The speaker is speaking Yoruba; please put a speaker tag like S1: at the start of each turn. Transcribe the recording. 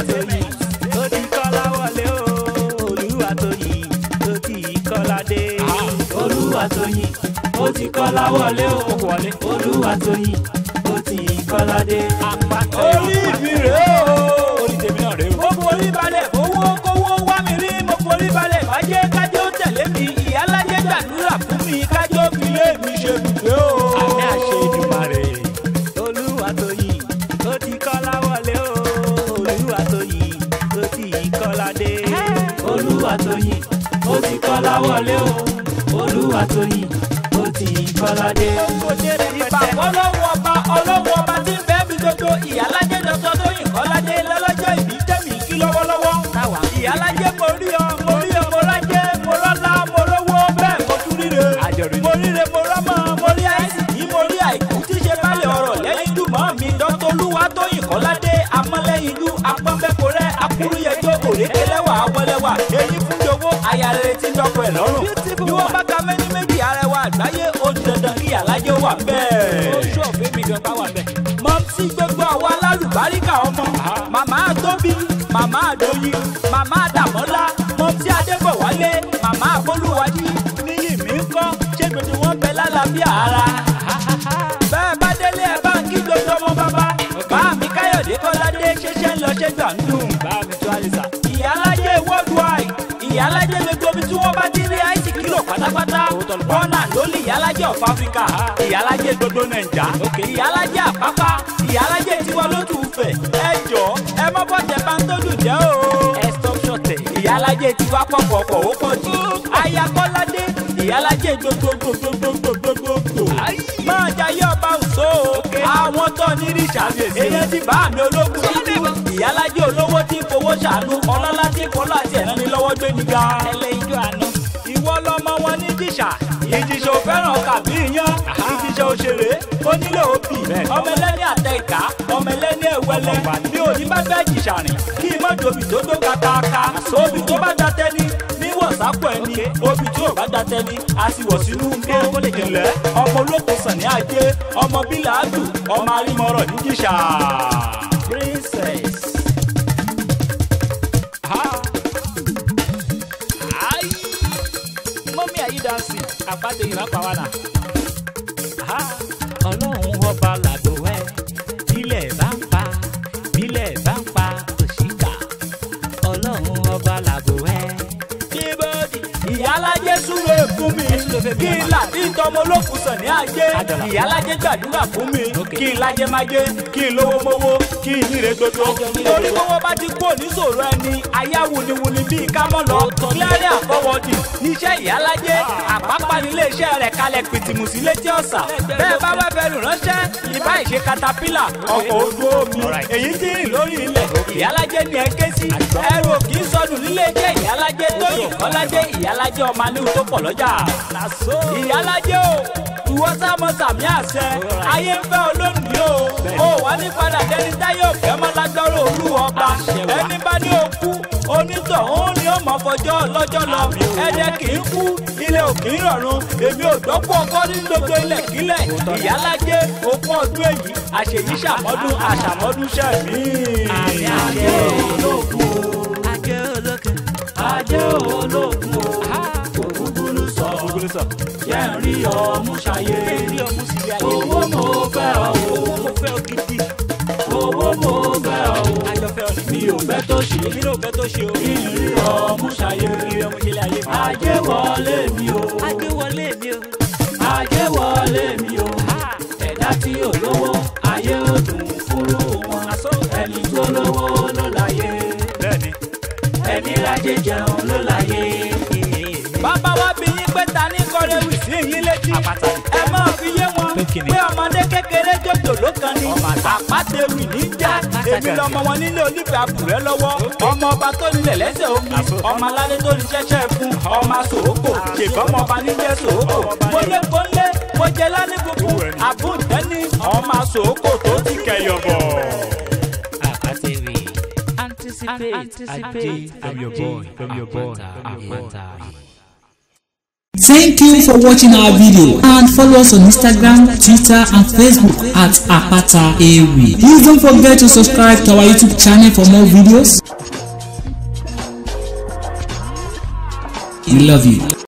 S1: Olúwatóyìn ó ti Kọ́lá wọlé o Olúwatóyìn ó ti Kọ́lá dé. Olúwatóyìn ó ti Kọ́lá wọlé o Olúwatóyìn ó ti Kọ́lá dé. orí mi rèé o orí tèmi náà rèé o. ó forí balẹ̀ owó kówó wá mi rí mo forí balẹ̀ májẹ́ kájọ́ tẹ̀lé mi ìyá lájẹ́ gbàdúrà fún mi kájọ́ fi lé mi ṣe mi. kọ́láwọlé o olúwa tóyìn ó ti kọ́ládé. ìpàkọ́ lọ́wọ́ ọba ọlọ́wọ́ ọba tí ń bẹ́ẹ̀ mi gbogbo ìyálájẹ́ dọ́tọ́ tóyìn kọ́ládé lọ́lọ́jọ́ ìbí tẹ̀mí kí lọ́wọ́lọ́wọ́ ìyálájẹ́ mo rí ọ mo rí ọ mo lájẹ́ mo lọ́lá mo lówó bẹ́ẹ̀ mo tún ríre mo ríre mo rọ́mọ mo rí àìsàn yìí mo rí àìkú tí ṣe báyọ̀ ọ̀rọ̀ lẹ́yìn dùmọ̀ mi dọ́tọ́ olúwa tóyìn kọ́ládé ti jowó aya rere ti dọ́kọ̀ ẹ̀ lọ́rùn bí wọ́n bá ka mẹ́ni méjì arẹwà àgbáyé ó dandan kí alájọ wà bẹ́ẹ̀. ó ṣọ́ òfin mi gan bá wà bẹ́ẹ̀. mọ́mísí gbogbo àwọn alálùbáríkà ọmọ màmá tóbi màmá àdóyin màmá àdàmọ́lá mọ́mísí adébọ̀wálé màmá àbólúwájú níyì mí ń kọ́ ṣé gbèdé wọn bẹ lálàáfíà ara. bẹ́ẹ̀ bá délé ẹ bá ń kí gbogbo ọmọ bàbá bá mi káyọ̀dé kọ́ládé ṣẹ̀ṣẹ̀ ń lọ ṣẹ́gbà ń dùn. tí wọ́n bá dín ní àìsí kìlò pátápátá bọ́là ló lè ìyálàjẹ́ of Africa ìyálàjẹ́ gbogbo nàìjà ìyálàjẹ́ àpápá ìyálàjẹ́ tiwa lójú fẹ̀ ẹ jọ ẹ má bọ́jẹ̀ bá ń tójú jẹ́ o. ẹ stop ṣọ̀tẹ̀ ìyálàjẹ́ tiwa pọ̀pọ̀pọ̀ ó pọ̀ jù ayakọ́ládé ìyálàjẹ́ gbogbogbogbogbogbogbò máa jayé ọba òṣó àwọn tó ní rí ìyálájẹ olówó tí fowó ṣàánú ọlọ́lá tí fọlọ́ àti ẹ̀rọ ni lọ́wọ́ gbé nígbà. ẹlẹ́jọ́ àná. ìwọ lọmọ wọn ní jìṣà ìjìṣà ò fẹ́ràn kàbí iyán ìjìṣà òṣèré ó nílò òbí ọmọ ẹlẹ́ni àtẹ ìka ọmọ ẹlẹ́ni ẹ̀wẹ́lẹ́ mi ò ní bá fẹ́ jìṣà rìn kí ìmọ̀jòbí tó tó ga taaka obì tó bá da tẹ́ni níwọ̀ sápò ẹni obì tó bá da tẹ́ni a sì wọ̀ sínú nǹkan ìlẹ̀ ọmọ olókùn sàn ní ajé ọmọ bílà princess. Ha! Ai! Mọ́mí àyí dansi, àpàdé ìlà pàwánà. Ha! Ọlọ́run ọba làdó ẹ̀, bílẹ̀ bá ń pa, bílẹ̀ bá ń pa òṣìkà. Ọlọ́run ọba làdó ìyálà Jésù rẹ̀ fún mi kí n là ní tọmọ olókùn sàn ní ajé ìyálájẹ gbàdúrà fún mi kí n lájẹ májé kí n lówó mówó kí n yíre dodo torí gbogbo bá ti kú oníṣòro ẹni ayá wuniwuni bíi kámọ́ lọ kílárí àfọwọ́dì níṣẹ́ ìyálájẹ àpápá nílé iṣẹ́ rẹ̀ kalẹ̀ pìtìmù sí létí ọ̀sà bẹ́ẹ̀ bá wá fẹ́ rìnránṣẹ́ ìbá ìṣe katapila ọkọ̀ ojú omi èyí tí rìn lórí ilẹ̀ ìyálájẹ ni ẹ ké sí ẹrù kì í sọnù nílé iṣẹ́ ìyálájẹ tóyìn kọ́lájẹ ìyálájẹ ọmọ aníwò tó pọ̀ lọ́jà àgbà ìyálàjẹ́ o ìwọ sáàmọ sàmì àṣẹ ayé ń fẹ́ olóòní o o wà ní padà dẹni táyé òfẹ́ mọ́ lágbọ́rọ̀ olú ọba ẹni bá ní okú onítọ̀hún ni ó mọ̀ fọjọ́ lọ́jọ́ lọ ẹ̀dẹ kì í kú ilé ò kì í rọ̀run èmi ò dọ́pọ̀ ọkọ ní gbogbo ilẹ̀ kílẹ̀ ìyálàjẹ́ okú ọdún èyí àṣèyí ṣàmọ́dún àṣàmọ́dún ṣẹ̀mí. àṣẹ olókun o àṣẹ olókun o àṣẹ sọ. jẹ́ ń rí ọmú ṣayé owó mo fẹ́ ọ owó mo fẹ́ ọ mi ò bẹ́ tó ṣe mi ò bẹ́ tó ṣe o ìrì ọmú ṣayé ajé wọlé mi o ajé wọlé mi o ajé wọlé mi o ẹ̀dá tí ò lówó ayé ò dùn fúrú wọn ẹni tó lówó ló láyé
S2: ẹni lájẹ
S1: jẹun ló láyé. yín létí ẹ máa fi yé wọn pé ọmọdé kékeré jòjòló kan ni àpàtẹ̀wì níjà èmi lọmọ wọn nílé onífẹ̀ àbùrẹ́ lọ́wọ́ ọmọ ọba tó nílẹ̀ lẹ́sẹ̀ omi ọmọ aládé tó ní ṣẹ́ṣẹ́ fún ọmọ sòókò ṣèbọn ọmọ ọba níjẹ́ sòókò mo lé kó lé mo jẹ lánìí ọmọ sòókò tó ti kẹyọ̀ bọ̀. anticipate, anticipate, anticipate from your boy, from your boy, Amata. Thank you for watching our video and follow us on Instagram, Twitter, and Facebook at Apata Ewi. Please don't forget to subscribe to our YouTube channel for more videos. We love you.